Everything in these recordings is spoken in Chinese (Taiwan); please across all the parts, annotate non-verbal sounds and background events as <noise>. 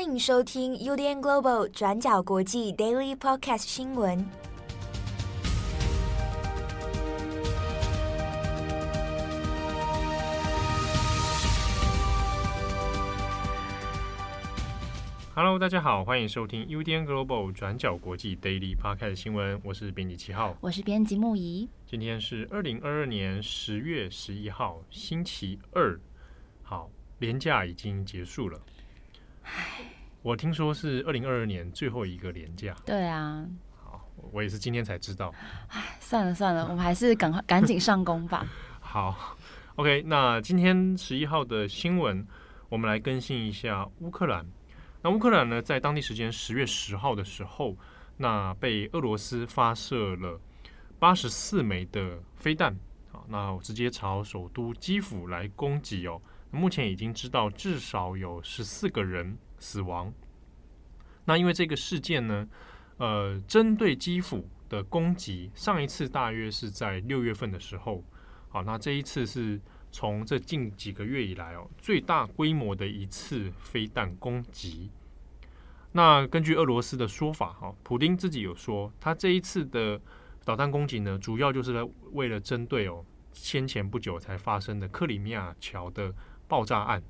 歡迎收聽 UDN Global 轉角國際 Daily Podcast 新聞。Hello，大家好，歡迎收聽 UDN Global 轉角國際 Daily Podcast 新聞。我是編輯七號，我是編輯牧宜。今天是二零二二年十月十一號，星期二。好，連假已經結束了。唉。我聽說是二零二二年最後一個連假。對啊，好，我也是今天才知道。唉，算了算了，我們還是趕快趕緊 <laughs> 上工吧。好，OK，那今天十一號的新聞，我們來更新一下烏克蘭。那烏克蘭呢，在當地時間十月十號的時候，那被俄羅斯發射了八十四枚的飛彈，好，那我直接朝首都基輔來攻擊哦。目前已經知道至少有十四個人。死亡。那因為這個事件呢，呃，針對基輔的攻擊，上一次大約是在六月份的時候。好，那這一次是從這近幾個月以來哦，最大規模的一次飛彈攻擊。那根據俄羅斯的說法，哈，普丁自己有說，他這一次的導彈攻擊呢，主要就是為了針對哦，先前不久才發生的克里米亞橋的爆炸案。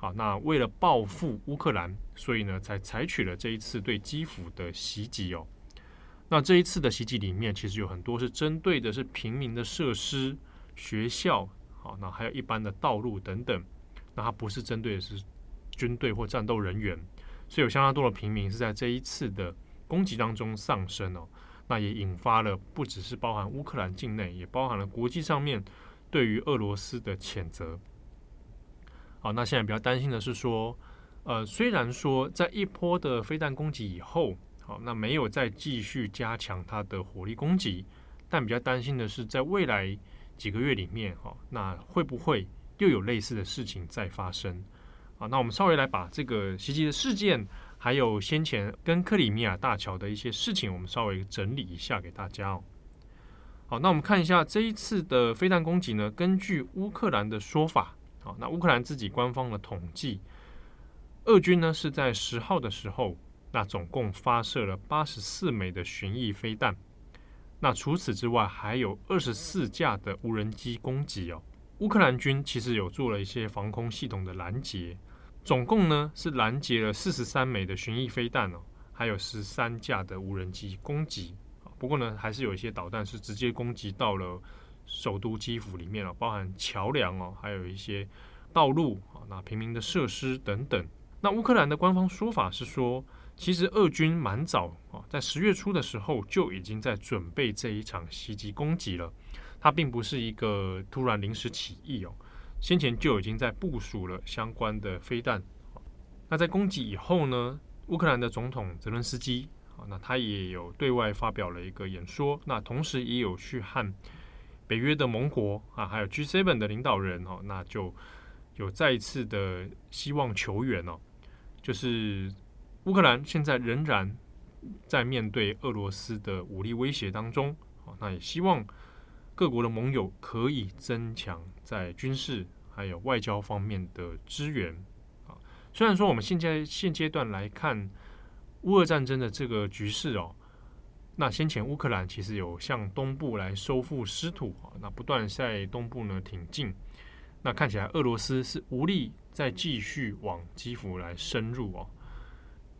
好，那為了報復烏克蘭，所以呢才採取了這一次對基輔的襲擊哦。那這一次的襲擊裡面，其實有很多是針對的是平民的設施、學校，好，那還有一般的道路等等。那它不是針對的是軍隊或戰鬥人員，所以有相當多的平民是在這一次的攻擊當中喪生哦。那也引發了不只是包含烏克蘭境內，也包含了國際上面對於俄羅斯的譴責。好，那現在比較擔心的是說，呃，雖然說在一波的飛彈攻擊以後，好，那沒有再繼續加強它的火力攻擊，但比較擔心的是，在未來幾個月裡面，哈、哦，那會不會又有類似的事情再發生？好，那我們稍微來把這個襲擊的事件，還有先前跟克里米亞大橋的一些事情，我們稍微整理一下給大家哦。好，那我們看一下這一次的飛彈攻擊呢，根據烏克蘭的說法。好，那烏克蘭自己官方的統計，俄軍呢是在十號的時候，那總共發射了八十四枚的巡弋飛彈，那除此之外還有二十四架的無人機攻擊哦。烏克蘭軍其實有做了一些防空系統的攔截，總共呢是攔截了四十三枚的巡弋飛彈哦，還有十三架的無人機攻擊。不過呢，還是有一些導彈是直接攻擊到了。首都基輔裡面啊，包含橋樑哦，還有一些道路啊，那平民的設施等等。那烏克蘭的官方說法是說，其實俄軍蠻早啊，在十月初的時候就已經在準備這一場襲擊攻擊了，它並不是一個突然臨時起意哦，先前就已經在部署了相關的飛彈。那在攻擊以後呢，烏克蘭的總統澤倫斯基啊，那他也有對外發表了一個演說，那同時也有去和北約的盟國啊，還有 G7 的領導人哦，那就有再一次的希望求援哦。就是烏克蘭現在仍然在面對俄羅斯的武力威脅當中，哦，那也希望各國的盟友可以增強在軍事還有外交方面的支援。哦，雖然說我們現在現階段來看，烏俄戰爭的這個局勢哦。那先前烏克蘭其實有向東部來收復失土，那不斷在東部呢挺進，那看起來俄羅斯是無力再繼續往基輔來深入哦。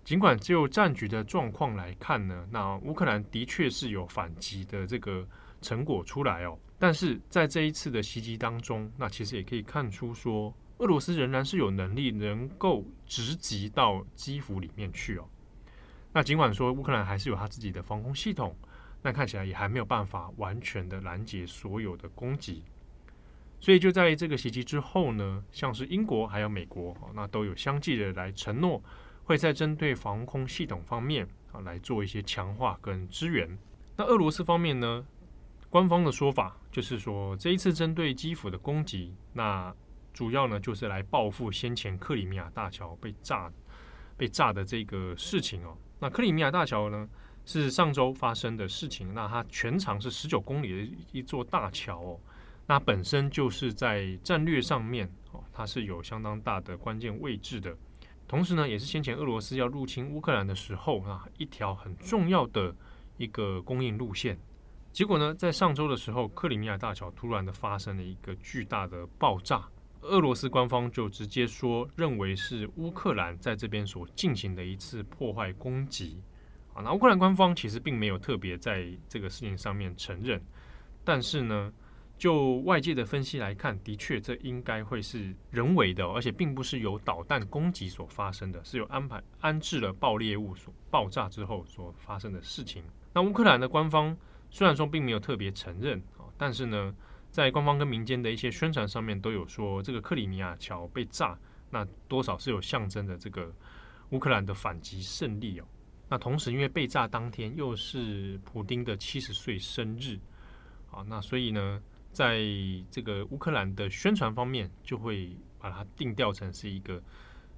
儘管就戰局的狀況來看呢，那烏克蘭的確是有反擊的這個成果出來哦，但是在這一次的襲擊當中，那其實也可以看出說，俄羅斯仍然是有能力能夠直擊到基輔裡面去哦。那儘管說烏克蘭還是有他自己的防空系統，那看起來也還沒有辦法完全的攔截所有的攻擊。所以就在這個襲擊之後呢，像是英國還有美國，那都有相繼的來承諾會在針對防空系統方面啊來做一些強化跟支援。那俄羅斯方面呢，官方的說法就是說這一次針對基輔的攻擊，那主要呢就是來報復先前克里米亞大橋被炸被炸的這個事情哦。那克里米亞大橋呢，是上周發生的事情。那它全長是十九公里的一座大橋哦。那本身就是在戰略上面哦，它是有相當大的關鍵位置的。同時呢，也是先前俄羅斯要入侵烏克蘭的時候，啊，一條很重要的一個供應路線。結果呢，在上周的時候，克里米亞大橋突然的發生了一個巨大的爆炸。俄羅斯官方就直接說，認為是烏克蘭在這邊所進行的一次破壞攻擊。啊，那烏克蘭官方其實並沒有特別在這個事情上面承認，但是呢，就外界的分析來看，的確這應該會是人為的，而且並不是由導彈攻擊所發生的，是有安排安置了爆裂物，所爆炸之後所發生的事情。那烏克蘭的官方雖然說並沒有特別承認，啊，但是呢。在官方跟民間的一些宣傳上面，都有說這個克里米亞橋被炸，那多少是有象徵的這個烏克蘭的反擊勝利哦。那同時，因為被炸當天又是普丁的七十歲生日啊，那所以呢，在這個烏克蘭的宣傳方面，就會把它定調成是一個，誒、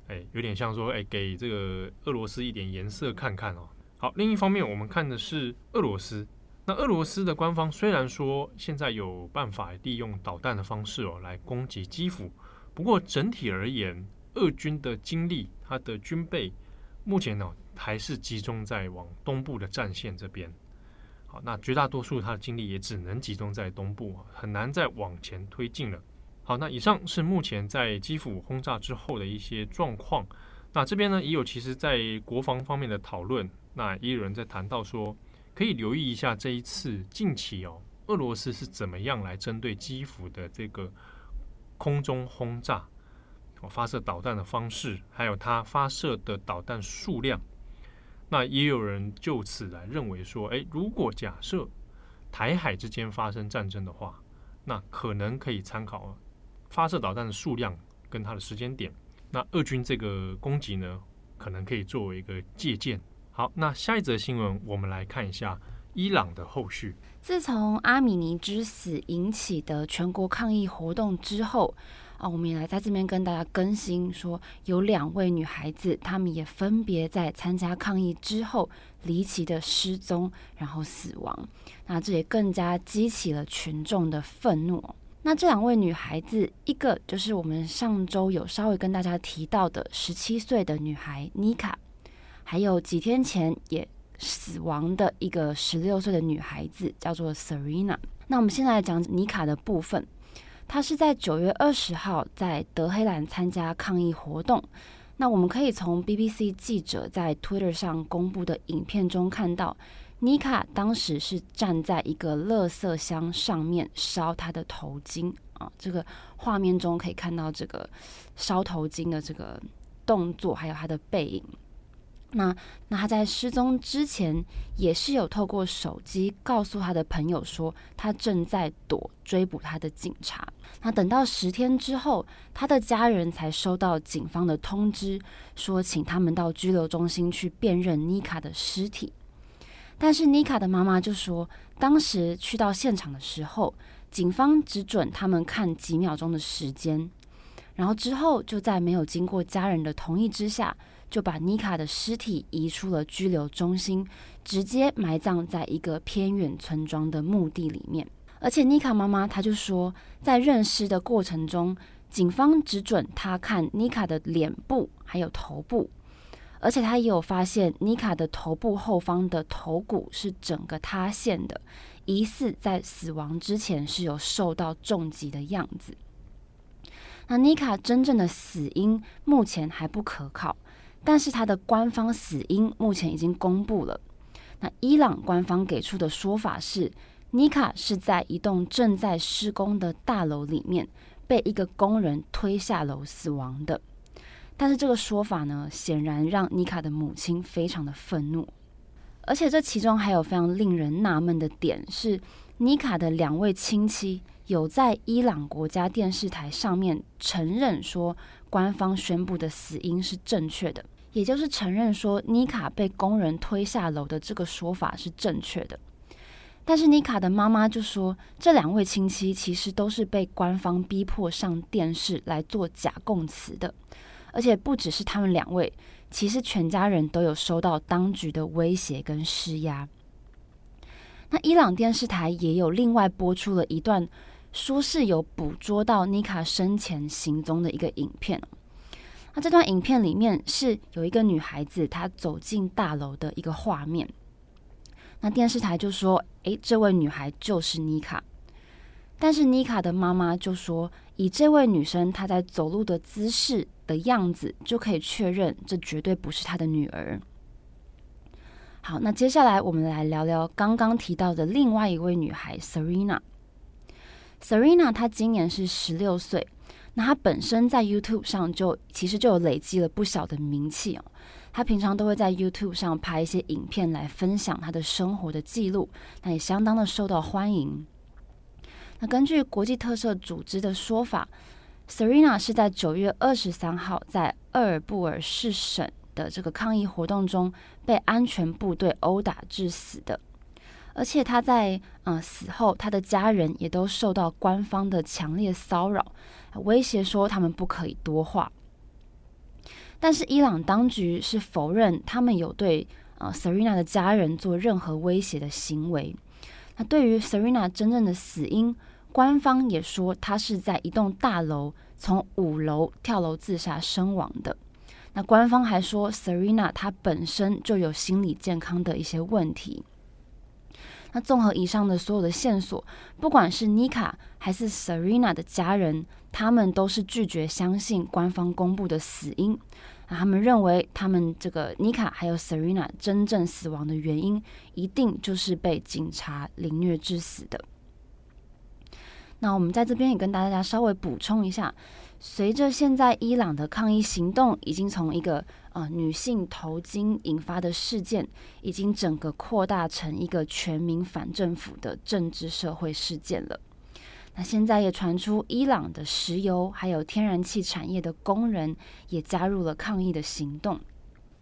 欸，有點像說，誒、欸，給這個俄羅斯一點顏色看看哦。好，另一方面，我們看的是俄羅斯。那俄羅斯的官方雖然說現在有辦法利用導彈的方式哦來攻擊基輔，不過整體而言，俄軍的精力、他的軍備目前呢還是集中在往東部的戰線這邊。好，那絕大多數他的精力也只能集中在東部，很難再往前推進了。好，那以上是目前在基輔轟炸之後的一些狀況。那這邊呢也有其實在國防方面的討論，那也有人在談到說，可以留意一下這一次近期哦，俄羅斯是怎麼樣來針對基輔的這個空中轟炸，發射導彈的方式，還有它發射的導彈數量。那也有人就此來認為說，誒，如果假設台海之間發生戰爭的話，那可能可以參考發射導彈的數量跟它的時間點。那俄軍這個攻擊呢，可能可以作為一個借鑒。好，那下一則新聞，我們來看一下伊朗的後續。自從阿米尼之死引起的全國抗議活動之後，啊，我們也來在這邊跟大家更新，說有兩位女孩子，她們也分別在參加抗議之後，離奇的失蹤，然後死亡。那這也更加激起了群眾的憤怒。那這兩位女孩子，一個就是我們上週有稍微跟大家提到的十七歲的女孩，妮卡。Nika 還有幾天前也死亡的一個十六歲的女孩子，叫做 Sarina。那我們現在來講妮卡的部分，她是在九月二十號在德黑蘭參加抗議活動。那我們可以從 BBC 記者在 Twitter 上公布的影片中看到，妮卡當時是站在一個垃圾箱上面燒她的頭巾啊。這個畫面中可以看到這個燒頭巾的這個動作，還有她的背影。那那他在失蹤之前也是有透過手機告訴他的朋友說他正在躲追捕他的警察。那等到十天之後，他的家人才收到警方的通知，說請他們到拘留中心去辨認妮卡的屍體。但是妮卡的媽媽就說，當時去到現場的時候，警方只准他們看幾秒鐘的時間，然後之後就在沒有經過家人的同意之下。就把妮卡的屍體移出了拘留中心，直接埋葬在一個偏遠村莊的墓地裡面。而且，妮卡媽媽她就說，在認屍的過程中，警方只准她看妮卡的臉部還有頭部。而且，她也有發現妮卡的頭部後方的頭骨是整個塌陷的，疑似在死亡之前是有受到重擊的樣子。那妮卡真正的死因目前還不可靠。但是他的官方死因目前已經公布了。那伊朗官方給出的說法是，妮卡是在一棟正在施工的大樓裡面被一個工人推下樓死亡的。但是這個說法呢，顯然讓妮卡的母親非常的憤怒。而且這其中還有非常令人納悶的點是，妮卡的兩位親戚有在伊朗國家電視台上面承認說，官方宣布的死因是正確的。也就是承認說，妮卡被工人推下樓的這個說法是正確的。但是，妮卡的媽媽就說，這兩位親戚其實都是被官方逼迫上電視來做假供詞的，而且不只是他們兩位，其實全家人都有收到當局的威脅跟施壓。那伊朗電視台也有另外播出了一段，說是有捕捉到妮卡生前行蹤的一個影片。那這段影片裡面是有一個女孩子，她走進大樓的一個畫面。那電視台就說：“誒，這位女孩就是妮卡。”但是妮卡的媽媽就說：“以這位女生她在走路的姿勢的樣子，就可以確認這絕對不是她的女兒。”好，那接下來我們來聊聊剛剛提到的另外一位女孩 Serena。Serena 她今年是十六歲。那他本身在 YouTube 上就其實就有累積了不小的名氣哦。他平常都會在 YouTube 上拍一些影片來分享他的生活的記錄，那也相當的受到歡迎。那根據國際特赦組織的說法，Serena 是在九月二十三號在厄爾布爾士省的這個抗議活動中被安全部隊毆打致死的。而且他在嗯、呃、死後，他的家人也都受到官方的強烈騷擾，威脅說他們不可以多話。但是伊朗當局是否認他們有對啊、呃、Serena 的家人做任何威脅的行為。那對於 Serena 真正的死因，官方也說她是在一棟大樓從五樓跳樓自殺身亡的。那官方還說 Serena 她本身就有心理健康的一些問題。那綜合以上的所有的線索，不管是妮卡還是 Sarina 的家人，他們都是拒絕相信官方公布的死因。他們認為，他們這個妮卡還有 Sarina 真正死亡的原因，一定就是被警察凌虐致死的。那我們在這邊也跟大家稍微補充一下，隨着現在伊朗的抗議行動已經從一個。啊、呃，女性頭巾引發的事件已經整個擴大成一個全民反政府的政治社會事件了。那現在也傳出，伊朗的石油還有天然氣產業的工人也加入了抗議的行動。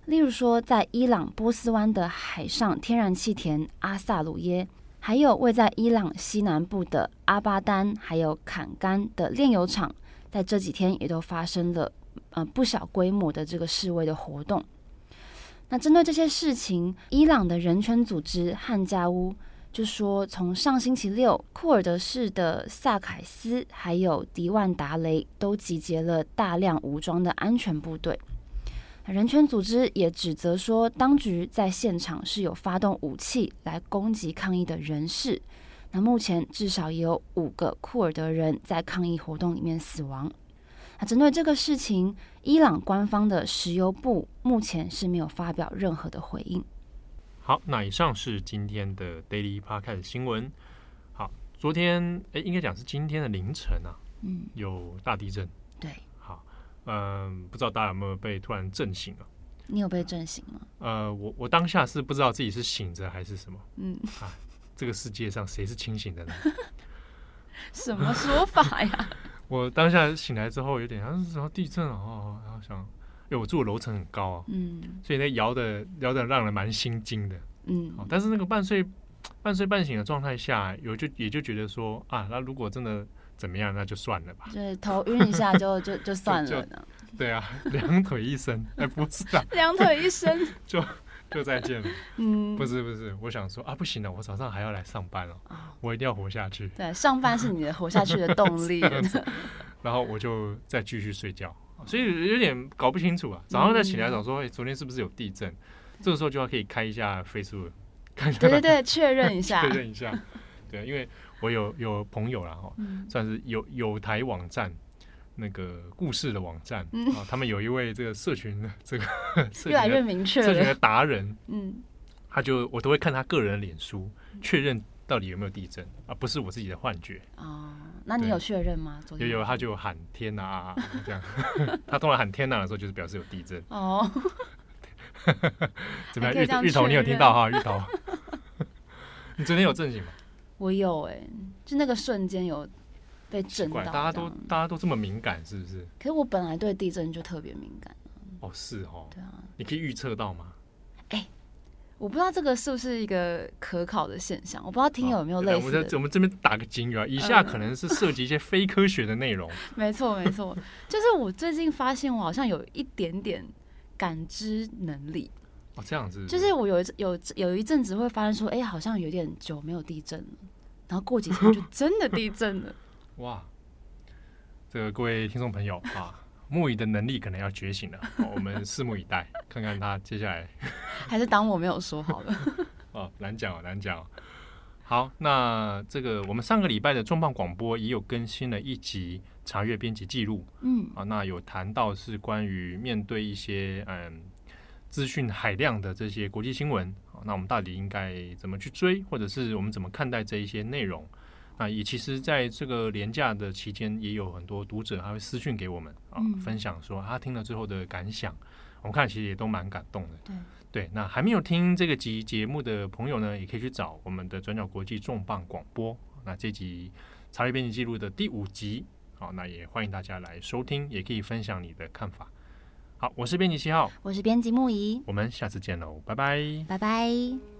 例如說，在伊朗波斯灣的海上天然氣田阿薩魯耶，還有位在伊朗西南部的阿巴丹還有坎干的煉油廠，在這幾天也都發生了。呃，不小規模的這個示威的活動。那針對這些事情，伊朗的人權組織漢加烏就說，從上星期六，庫爾德市的薩凱斯還有迪萬達雷都集結了大量武裝的安全部隊。人權組織也指責說，當局在現場是有發動武器來攻擊抗議的人士。那目前至少也有五個庫爾德人在抗議活動裡面死亡。啊、針對這個事情，伊朗官方的石油部目前是沒有發表任何的回應。好，那以上是今天的 Daily Podcast 新聞。好，昨天哎，應該講是今天的凌晨啊，嗯，有大地震。對，好，嗯、呃，不知道大家有沒有被突然震醒啊？你有被震醒嗎？呃，我我當下是不知道自己是醒着還是什麼。嗯，啊，這個世界上誰是清醒的呢？ <laughs> 什麼說法呀？ <laughs> 我當下醒來之後，有點像是什麼地震啊、哦？然後想，哎，我住的樓層很高啊，嗯，所以那搖的搖的，讓人蠻心驚的，嗯、哦。但是那個半睡半睡半醒的狀態下，有就也就覺得說啊，那如果真的怎麼樣，那就算了吧。就是頭暈一下就 <laughs> 就就，就算了就。對啊，兩腿一伸， <laughs> 哎，不知道。兩腿一伸 <laughs> 就。就再見了。嗯，不是不是，我想說啊，不行了，我早上還要來上班哦，哦，我一定要活下去。對，上班是你的活下去的動力。 <laughs> 然後我就再繼續睡覺，所以有點搞不清楚啊。早上再起來想說，哎、欸，昨天是不是有地震？嗯、這個時候就要可以開一下 Facebook，對對確 <laughs> 認一下，確 <laughs> 認一下。對，因為我有有朋友然後、嗯、算是有有台網站。那個故事的網站、嗯、啊，他們有一位這個社群的這個越來越明確了社群的達人，嗯，他就我都會看他個人臉書確、嗯、認到底有沒有地震而、啊、不是我自己的幻覺哦。那你有確認嗎？昨天有有，他就喊天哪、啊嗯、這樣， <laughs> 他通常喊天哪、啊、的時候，就是表示有地震哦。 <laughs> 怎麼樣？芋芋頭，你有聽到哈？芋頭，你昨天有震醒嗎？我有哎、欸，就那個瞬間有。被震到，大家都大家都這麼敏感，是不是？可是我本來對地震就特別敏感。哦，是哦。對啊。你可以預測到嗎？哎、欸，我不知道這個是不是一個可考的現象？我不知道聽友有沒有類似的？哦欸、我們在我們這邊打個警語啊，以下可能是涉及一些非科學的內容。嗯、 <laughs> 沒錯沒錯，就是我最近發現我好像有一點點感知能力。哦，這樣子是是。就是我有一有有一陣子會發現說，哎、欸，好像有點久沒有地震了，然後過幾天就真的地震了。 <laughs> 哇，這個各位聽眾朋友啊，牧宜的能力可能要覺醒了， <laughs> 哦、我們拭目以待， <laughs> 看看他接下來。 <laughs> 還是當我沒有說好了。 <laughs> 哦，難講哦，難講、哦。好，那這個我們上個禮拜的重磅廣播也有更新了一集查閱編輯記錄。嗯。啊，那有談到是關於面對一些嗯資訊海量的這些國際新聞、啊，那我們到底應該怎麼去追，或者是我們怎麼看待這一些內容？啊，也其實，在這個連假的期間，也有很多讀者還會私訊給我們、嗯、啊，分享說他聽了之後的感想。我們看其實也都蠻感動的。對對，那還沒有聽這個集節目的朋友呢，也可以去找我們的轉角國際重磅廣播。那這集查理編輯記錄的第五集，好、啊，那也歡迎大家來收聽，也可以分享你的看法。好，我是編輯七號，我是編輯牧宜，我們下次見嘍，拜拜，拜拜。